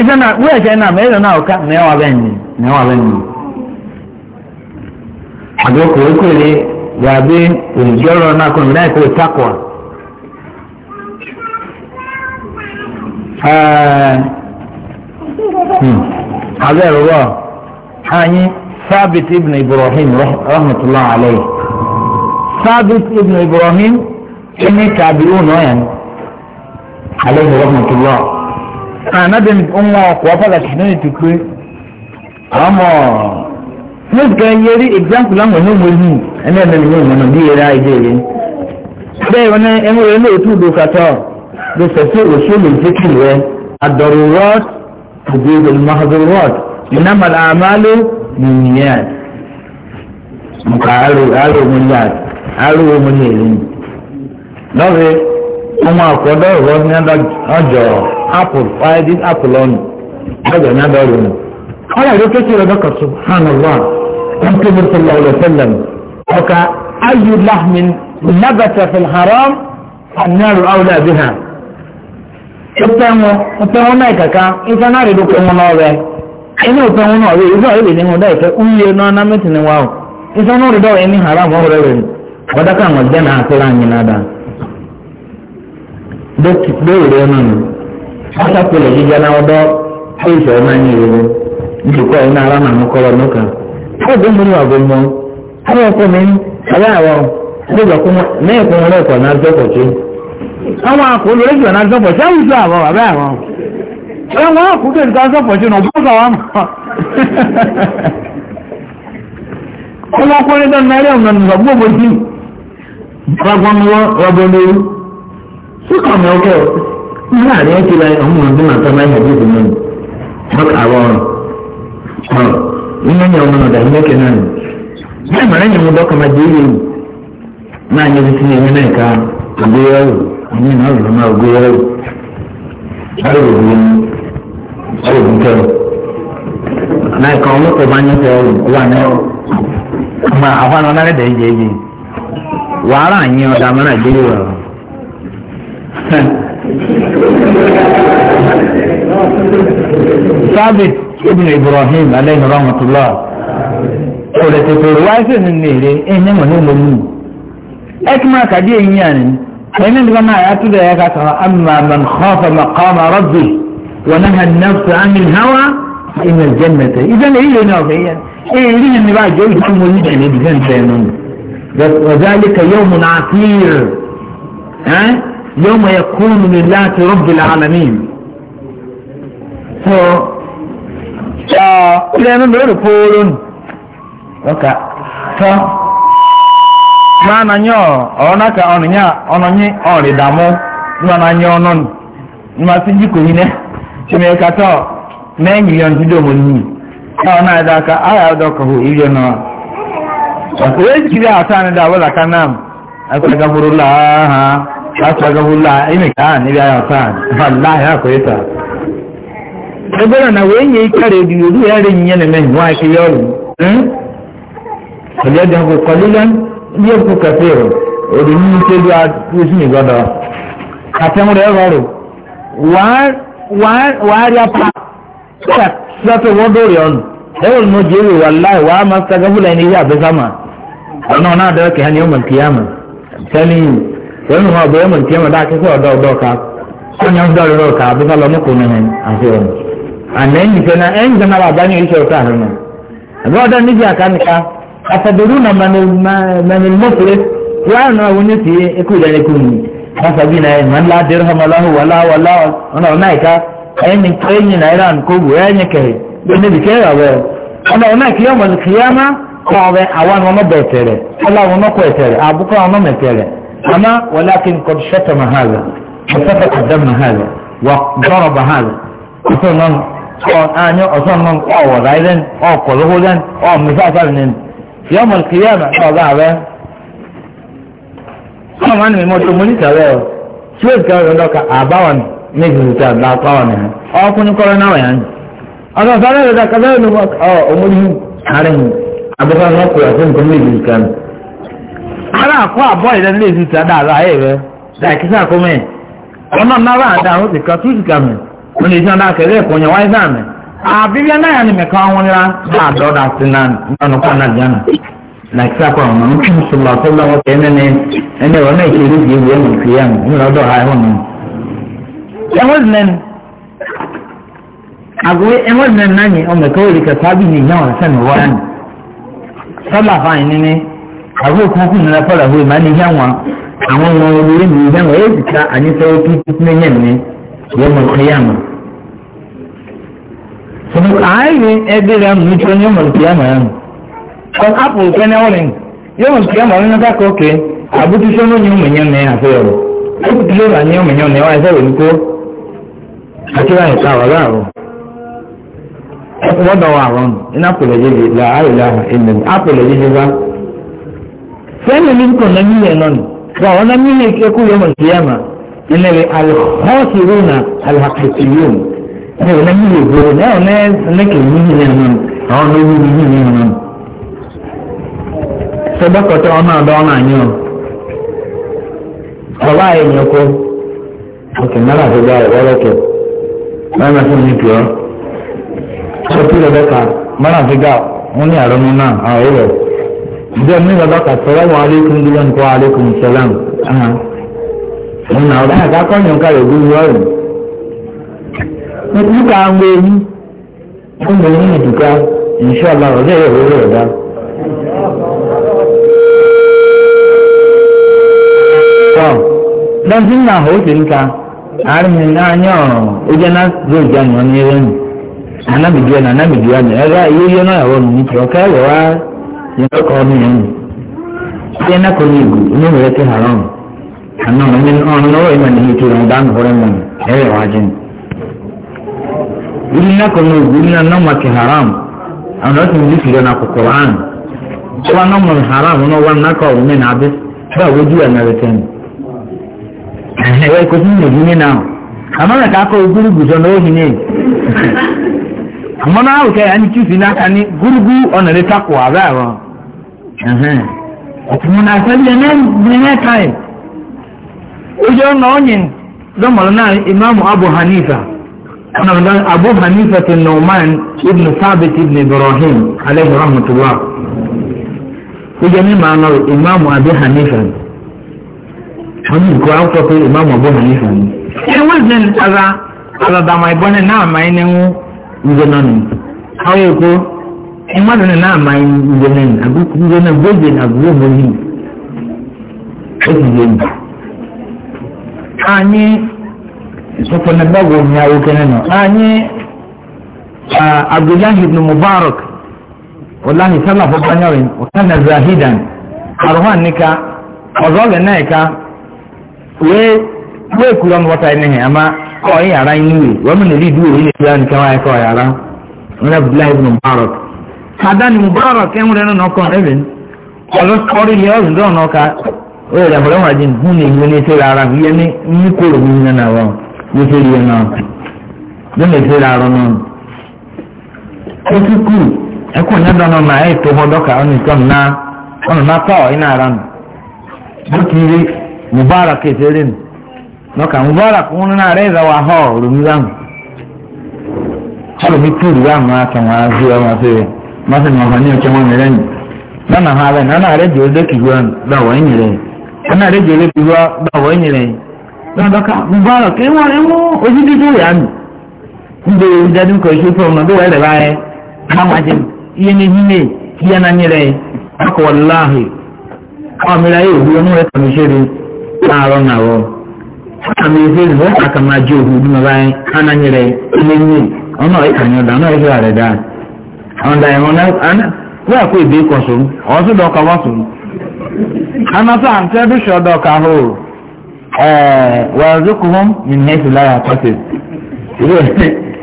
ìfẹ́ náà wọ́n ẹ̀ṣẹ̀ náà mẹ́rin náà ọ̀ka mẹ́wàá bẹ́ẹ̀ ni mẹ́wàá bẹ́ẹ̀ ni. àdókò sábìtì ibn ibrahim rahmatulah alayhi. ثابت ابن إبراهيم إني تابعون يعني عليه رحمة الله أنا بنت أمه وفلت حنين تكوي أما níbi kan yẹ rí example àwọn ọmọ ìwé yìí ẹni ẹni ìwé ìmọ̀nà bí eré ayé rẹ. bẹ́ẹ̀ wọn ẹni wọn ní ètò ìdò kàtọ́ ló fẹ̀sẹ̀ òṣèlú ìdíkì rẹ àdọ̀rọ̀ rọ́ọ̀t àti olùmọ̀hàdọ̀ rọ́ọ̀t iná màlà àmàlò nìyẹn. mo kà á rò á rò mo yàtọ̀ arúgbó mo lè rí lọ́sẹ̀ ọmọ àkọ́dọ̀ ìwọ ní ọjọ́ apple fire this apple on ọjọ́ ní adọ́ rẹ̀ ọ̀rẹ́ ìlú kékeré dọ́kà subhanallah wọn tó bí sọlá ọlọ sẹlẹm ọkà ayu lahmin nabata fil haram anyaru awla biha ìpẹ́wọ̀n ìpẹ́wọ̀n náà kàkà ìfẹ́ náà rí dúkọ́ wọn náà rẹ̀ ẹni ìpẹ́wọ̀n náà rẹ̀ ìfẹ́ ìrìn ní wọn dá ìfẹ́ uye náà náà mẹ́tìnì wa ọ̀ náà rí ẹni haram ọ̀rẹ́ rẹ̀ ni. kọ́dá káwọn ọ̀jẹ́ náà tó rà yín ládàá lóòrè ọ̀nà nù náà ọdọ ẹ̀ṣọ́ ọ̀nà yín ìwé nìkọ́ ọ̀nà ara màmú kọ́rọ̀ nùkà ọ̀gbọ́n mi mi ọ̀rẹ́ àwọ̀ náà àwọn náà fagbọmọwọ ọgbọnọwọ síkà ọmọ ọkẹ ọ nígbà àrí ẹ ti la ọmọ ọdún àti ọmọ ẹgbẹ ìdìbò náà bọkà àwọ ọ nínú ẹyẹ ọmọ ọdà ìgbẹkẹ náà nù bẹẹ mọ ẹyẹ ọmọ ọdọkọ máa di ilé yìí náà nyẹ bísí ẹyẹ náà ká ògbéyàwó ọmọ ìnáwó ọmọ ògbéyàwó ọrọ ògbé ọrọ ògbé náà ẹka ọmọ ọkọ máa nyẹ fẹ ọwọ ọwọ àná wàhálà yín ọ̀dà mọ́ nàìjíríà rọ̀ sábìt ibùn ibrahim aleyhi rahmatulah ọ̀rẹ́ tètèrè wáyé sí ní nìyẹrẹ ẹni wọn ní lónìí ẹkùnmá kàdí ẹ̀yìn yà ni ẹni nígbà náà yà tó dẹ̀ yà kà sọ̀rọ̀ àmà man kọ́fà maqama rọ́bì wọn náà nàfẹ́ àmì hawa ìmẹ̀ jẹ́mẹ̀tẹ̀ ìjẹ́ ní ìlẹ̀ náà fẹ́ yẹn èyí rí ni bá jẹ́ ìjọ́ mọ́ ní ìdílé ìdílé ìfẹ́ nínú. وذلك يوم عسير ها يوم يكون لله رب العالمين so ilẹ̀ ẹnu lórí pooro nù ọkà tọ́ máa na nyọ ọ̀rọ̀ náà ka ọ̀nà nyà ọ̀nà nyẹ ọ̀rì dààmú ní wọn na nyẹ ọ̀nà nù ní wọn ti jí kò wai kiri a sa ni da wala kan nam astaghfirullah astaghfirullah ina ka ni ya sa wallahi ha ko ita dogara na wai yayi kare biyu du ya rin yana men wa ki yoro hmm falyadhu qalilan yabku kathiran odi ni te du a tu ni godo atemu re goro wa wa wa ya pa sa sa to wodo re on mo je wallahi wa ma astaghfirullah ni ya be sama ọ̀nà ọ̀nà àdọ́rọ̀ kìí hàn yóò mọ̀ kìyàmù tẹ́lẹ̀ yìí wọ́n mú ọ̀bẹ yóò mọ̀ kìyàmù dáa kí ọ̀dọ́ ọ̀dọ́ ká sọ́nyà ń dọ̀rọ̀ rọ̀ ká abúlé ọlọ́mú kò nìyẹn àti ọ̀nà àná ẹ̀yìn tẹ́ na ẹ̀yìn tẹ́ na bàbá ní oríṣi ọ̀tá rẹ̀ nà àbí ọ̀dọ́ níbi àkànníkà àfẹ̀dẹ̀rú nà mẹ́nìmọ́fẹ́rẹ́ wọ́n náà wọ́n ní ti ekú ìdáni kú mi wọ́n sàbí náà ẹ̀yìn mọ́nlá dẹ́rẹ́ ọmọláhùn wàlá wàlá ọ̀nà ọ̀nà ìka ẹ̀yìn ẹ̀yìn náírà kó wù ẹ̀yìn kẹ̀hẹ́ bẹ́ẹ̀ níbi kẹ́hẹ́ ọ̀wẹ́ ọ̀nà ọ̀nà ìkẹyọ̀mọ̀ kìyàmá kọ́ọ̀bẹ àwọn ọmọ bẹ̀ tẹ̀rẹ̀ ọláwọn ọmọ kọ̀ tẹ̀rẹ̀ àbúkọ́ ọmọ mẹ̀ tẹ̀rẹ̀ àmọ́ wọlákin kọ́ ṣẹ́tọ̀ mahala ọ̀sẹ̀fẹ̀ kọ̀dẹ́ mahala wà dọ́rọ̀ mahala ọ̀sọ̀ nọ́n ọ̀ ànyọ ọ̀sọ̀ nọ́n ọ̀wọ̀ ráìlẹ́n ọ̀kọ̀ lóhùlẹ́n ọ̀ mùsàfàlì nìyẹn yọmọ kìyàmà ọ̀gá rẹ̀ ọmọ wọn ni mo tó mo ní kẹrẹ o tí o kẹrẹ lọ ka àbáwọn méjì tẹ àbáwọn yẹn ọkùnrin kọrọ náà yẹn ọ̀sọ̀ sọ́dọ̀ ìdàkẹ́ bẹ́ẹ̀ ni wọ́n ọ̀ ọmọdé yìí abẹ́fẹ́ wọn kò yàtọ̀ nǹkan méjì nìkan. ara àkọ́ àbọ̀ ìdẹ́nu lè dùn sáadà àlọ́ ayé rẹ̀ dàkísà kọ́mẹ̀ ọ̀nà náírà àdá àwọn ti ka túùsì kàmẹ̀ wọn lè sàn dákẹ́rẹ́ ẹ̀kọ́ yẹn wáyé sàmẹ̀. àbíbíà náírà ni mẹ̀ka wọn nira náà dọ́dà sí náà nínú kọ́ náà jẹ́nà. dàkísà kọ́ ọ̀nà ní kí n sọ̀rọ̀ àtọ́lá wọn kẹ́ ẹni ẹni ọ̀nà ìṣèlú yìí wọ́n mú fi yàn ní ọ̀dọ̀ àìhùn náà. ẹ̀wọ́n sì nẹ́ni sọ́là fáyín níní àwọn òkúnkún nira fọ́là fún ìmá ní wọn àwọn ọmọ olórí mi yá wọn èyí ta àníṣe ó tún ní yẹn ní yẹn mọ̀ ní sọ̀rọ̀ àárín ẹbí rẹ̀ mú tó ní ọmọ ìpìyà mọ̀ ẹ̀ kọ́ apple kẹ́ni ọ̀rìn yóò mọ̀ ìpìyà mọ̀ nínú kákọ́ òkè àbútú sọ́nà ní ọmọ ìyẹn ní àfẹ́yọ̀rọ̀ ó ti lè rà ní ọmọ ìyẹn ní wáyé sẹ́wọ̀n wọ́dọ̀ wà rọrùn iná pèlè yéye là á ìlà ilẹ̀ ní àpèlè yéye wá. sẹ́ni ní nǹkan náà nílẹ̀ náà ni wà wọ́n náà nílẹ̀ kíkú yóò mọ̀ sí yàmà ilẹ̀ rẹ̀ alhọ́ọ̀sì rẹ̀ nà alhàkìtì yóò ní wọ́n náà nílẹ̀ ìgboro náà wọ́n náà ẹnẹ́kẹ̀ nílẹ̀ náà ni àwọn náà wúni nílẹ̀ náà ni. sọ́dọ̀kọ̀tọ̀ ọ̀nà ọ̀dọ́ ọ̀nà àyàn ọ̀bá ẹ̀yìn ọkọ̀ ọ̀kẹ̀ náà sọ́tù rẹ̀ lọ́kà mọ́nà fígà wọ́n ní àrọ́nú náà àwọn ẹ̀rọ. ǹjẹ́ mi rẹ̀ lọ́kà sọ́wọ́ wọn alékún dúró nǹkan alékún sẹ́lẹ̀m. wọn náà ọ̀dà àti akọ́yìn ká lòdù wọ́ọ̀rù. nípa àwọn ẹ̀yìn fún mi ní ìdùkà ìṣọ́ọ̀lá ọ̀dẹ́ ìrọ̀ ọ̀dà. lọ́sìn náà ó ti ń ka àárín náà yàn ó jẹ́ náà lóòjà ni ní ẹ̀rọ nù anamijua na anamijuani ɛla yeye no ɛwɔ no nti ɔka ɛwɔ wa yɛn kɔ no yɛn yɛn nakɔ no egu ne wɔ yɛte haram ana ɔne ɔno na ɔyɛ ma ne hitu na ɔda nhore mu no ɛyɛ wagye no wuli nakɔ no egu wuli na nɔma te haram ɔno ɔte ne firi na kokoro an wa nɔma no haram no wa nakɔ ɔwɔ ne na abe bɛ a wodu ɛna retɛ no ɛhɛ ɛkɔsi ne bi ne na ama na kakɔ oguru gu amma na ka anyị n'aka ka ni gurgu ona le takwa ba na eh ka muna sali ne na onye don na imamu abu hanifa ana abu hanifa tin numan ibn sabit ibn ibrahim alayhi rahmatullah ujo ni na imamu abu hanifa nke imamu abu hanifa aza na nze nọnụ awo eko mmadụ na na-ama nze nọnụ agụkụ nze nọnụ goje na agụkụ omoyi ezize nyi anyị sọfọ na bago ya nwoke nọ anyị abdullahi ibn mubarak wallahi sallah fa banyarin wa kana zahidan arwan nika ozoge naika we we kulon wata ne ama kọ́ yàrá yín wè wọ́n mìíràn rí ìdúró yín lè ní káwá ẹ̀kọ́ yàrá wọn lè bílá ibùdó mubarak sàdá ni mubarak ẹ̀hún rẹ̀ náà kọ́ ẹ̀rẹ̀ ọlọ́sọ̀rí ni ọ̀rùn dọ̀ náà ká ó yẹ dàbọ̀ lọ́wọ́ àjìn hún ní ìwé ní ìṣẹ̀lẹ̀ ara yẹ ní ní kúrò ní ìyẹn náà wọ́n ní ìṣẹ̀lẹ̀ yẹn náà ló lè ṣẹlẹ̀ náà ó ti kú ẹ̀kọ́ yẹn dáná náà ẹ̀ tó wọn dọ́kà ọ̀nà ìtọ́nù náà ọ̀nà náà tọ̀ ọ̀ iná ara nù bó ti rí mubarak ẹ̀ṣẹ̀ rẹ̀ nù nọkà ń bọ́ra kó ń rárá ẹ̀rọ wa họ ọ̀rọ̀mí báwọn ọ̀rọ̀mí kúrú báwọn àtàwọn àti ọmọ àti rẹ̀ mọ́tò ní ọ̀fọ̀ ní ọ̀kẹ́ wọn mìíràn yìí lọ́nà ha bẹ́ẹ̀ nọ́nà rẹ̀ jẹ́ olókè gbọ́ lọ́wọ́ ẹ̀yìn rẹ̀ nọ́nà rẹ̀ jẹ́ olókè gbọ́ lọ́wọ́ ẹ̀yìn rẹ̀ lọ́dọ̀ká ń bọ́ra kí wọ́n rẹ̀ mú ojú dídú rẹ̀ àmì ń bẹ ìdájú kọ̀ ṣe fún ọmọ bẹ́ẹ̀ rẹ̀ báyẹn káwọn jẹ iye ní aka na ezi ezigbo aka m ajọ ohu dị maba anyị a nanyere ọnụ ọrụ kanyere da ọnụ ọyị kanyere daa ọnda ya ọna na wee akwa ebe ịkọ so ọsụ dị ọka wasụ ntị ebe eh, dị ọka ee wee omori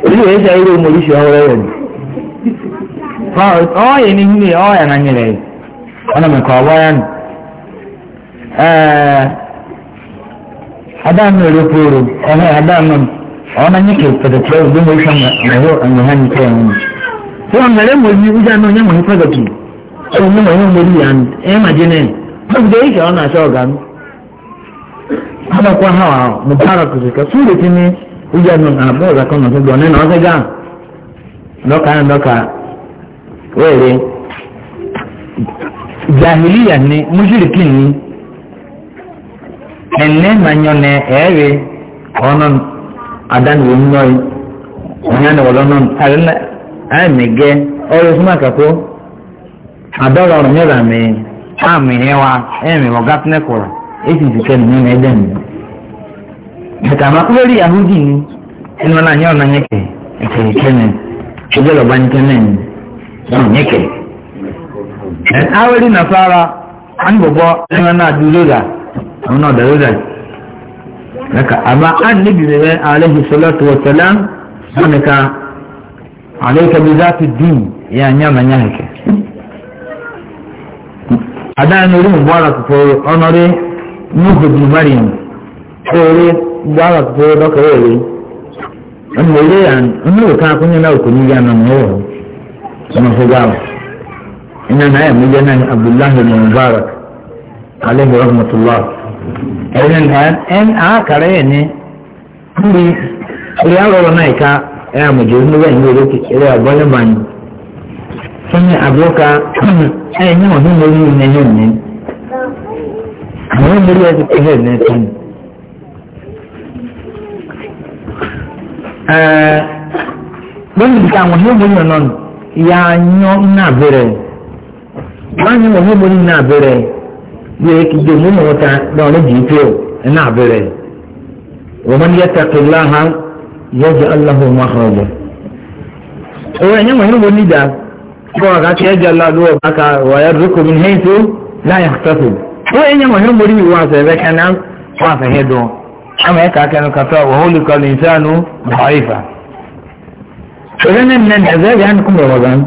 ọhụrụ ya dị n'ihu ya ọ na ya nụ ee adannu rufuru ọmọ adannu ọmọ nyike pẹtẹtẹ ọgbẹ mo sọ mẹwọ ẹnyẹha nyike ẹwọn wọn mẹrẹ mo yi ọjà náà ọnyẹmọ nípa gàtù so mi wọn mo yi yan ẹ má dín náà wọn bìí ìṣẹ ọ̀nà àṣẹ ọ̀gá mi abakọ ha wa mo bára kùsù ká súnlẹ̀ tí ní ọjà náà àbọ̀ ọ̀gá kan náà tó gbọ̀ nínú ọ̀sẹ̀ gán dọ́kà ń jahiliya ni mujirikin ni ene manyo ne ewe onon adan wonnoi onyane wolonon arna amege oro suma kako adoro oro nyora me ami hewa emi wogatne kora esi sike ni ne den hata ma kweli yahudi ni eno na nyoro na nyeke eke kene chijelo ban kene no nyeke en nasara an bobo na dulula àwọn náà dàrú dà naka àmà ànníbi rẹ aleyhi salatu wa salam sani ka aleyka bi zaati diin yà nyàmà nyàhìkẹ. adan ni rin gbara ko onore nuhu di mariam ore gbara ko do ko ore an ore an anu ka kunya na ko ni ya nan no sama so gbara ina na ya mu yana abdullahi bin mubarak alaihi rahmatullah ẹ̀rìn hàn ẹ̀n àákàrà ẹ̀ ní níbi orí àrọ̀rọ̀ náà ìka ẹ̀ àmọ̀jọ́ níbẹ̀ ní orí kékeré àgbọ́lẹ̀ mà ní. sọ́ni àbúrúkà ẹ̀ ní ọ̀hún lórí ìnẹ́yìn ní. àwọn ìmọ̀lẹ́ ẹ̀ ti pẹ́lẹ̀ ní ẹ̀tọ́ ni. lórí ìdíkà àwọn ìmọ̀lẹ́ ọ̀nà ìyá yan náà bẹ̀rẹ̀ wọ́n á ọ̀hún náà يكدمون وتعالى جيتو نعبره ومن يتق الله يجعل له مخرجا ويعني ما هنو بني دار وقالت يجعل الله دور بكا ويرزق من حيث لا يختصب ويعني ما هنو بني بواسع ذاك انا واسع هدو اما هيك كان الكفاء وهولك الانسان ضعيفا فلنا من النعزاج عنكم رمضان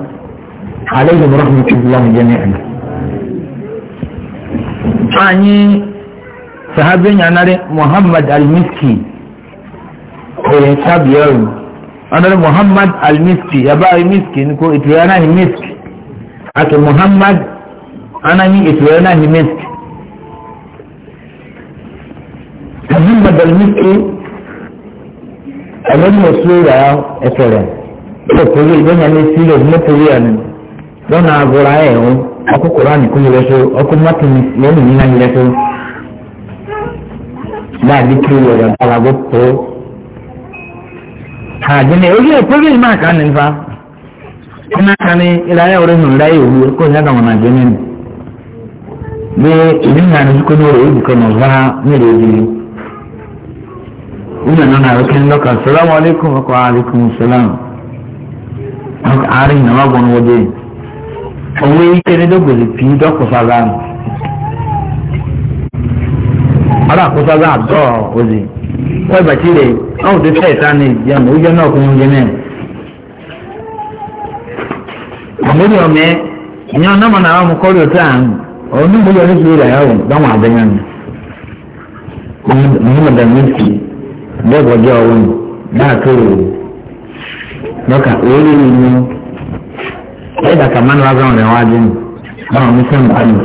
عليكم رحمة الله ي fanyi sahabin yanare muhammad al-miski oye sabiyaru anare muhammad al-miski ya ba al-miski ni ko ito yana himiski ake muhammad anani ito yana himiski muhammad al-miski ẹgbẹ́ mi sí ìyá ẹ̀fẹ̀rẹ̀ ẹ̀fẹ̀rẹ̀ ìgbẹ́yàn ní sílẹ̀ mọ́tòrí ẹ̀ lọ́nà àgọ́ra ẹ̀ ọ̀hún ọkọ koran kò yẹrẹ so ọkọ mọtò lẹnu nínú yẹrẹ so báàbí kiri yọrọ balago tó àdínní ojú ẹ pẹlú ìmọ àkànnì nfa ọmọ àkànnì ìlàyà orí nù láyé òwú kó ní àdàwọn àgbẹ nínú bí ìdí nà ní kó ní orí òbí kan nà ọba mẹrẹ òbí ni wọn nana àwọn kẹ́ni lọ́kà sọlá wọn aleykum ọkọ aleykum sọlá àárín ìnáwó agbọ̀nwó dé onwe ike n'edogbozi pii dọkwụsala ọrụ akwụsala abụọ ozi webachire ọhụrụ dị seta na ya na ụjọ náà kụrụ ụjọ náà àmúlò ọmọ ẹ ìyẹn ọ̀nà mọ̀nà àwọn ọmọkọ́rì ọ̀tá àrùn ọ̀nà múlò oníṣòwò rẹ̀ yà wò báwọn àbẹ̀yẹ nù ọmọ dàmí sí bẹ́ẹ̀ bọ́jọ́ ọ̀wọ́ nù náà tó rò lọ́kà orí mi nù ẹ̀dà kà mánu azọ́ rẹ̀ wá dé ní báwọn mi sẹ́nu bá mi.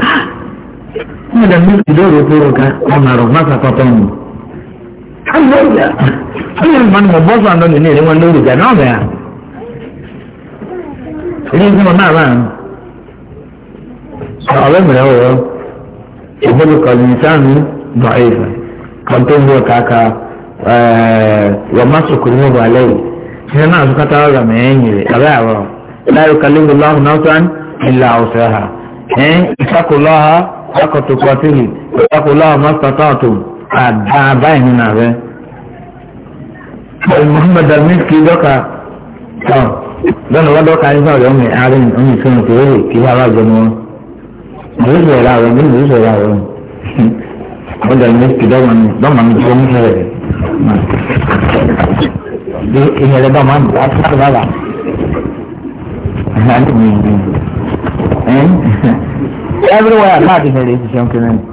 Mo dà mí ìdó rò pé òkà ọ̀nà rò má sàkọ́tọ̀ mi. Àlọ́ ìyá àlọ́ ìyá mo bọ́ sọ àná nínú ìrìn wọn lórí ìjà náà bẹ̀yà. Ilé ìsìn mọ̀ náà báyìí. Ọ̀rẹ́ mi rẹ̀ wọ̀ ìbúrú kọ̀lìntánù dọ̀ ẹ̀fẹ̀ kan tó ń bọ̀ kàkà wọ́n má sọ̀kùnrin mọ̀ bọ̀ alẹ́ yìí. Ṣé náà sọ́kátà ọ̀rọ̀ mẹ́yìn rẹ̀ àbẹ́ àwọn láyò kàlíwò lọ́hùn náà ìlà ọ̀sẹ̀ ha ẹ̀ ìsàkùlọ́ha akọ̀tùkọ̀tìlì ìsàkùlọ́ha mọ́sítàtàtù àdáàbá ìhun náà rẹ̀. ọ̀rọ̀ muhammed almiski dọ́ka ọ̀ lọ́nà wọ́n dọ́ka nígbà ọ̀rọ̀ mi àárín omi fún mi kìí kí wàá wájú mọ́ mi ìṣòro ra rẹ̀ mi ìṣòro ra rẹ̀ muhammed almiski dọ́wọ́n mi dọ́wọ́n mi fún mi rẹ̀ ìhẹ̀rẹ̀ bá máa ń bọ̀ <laughs> everywhere, I'm not in the gentlemen.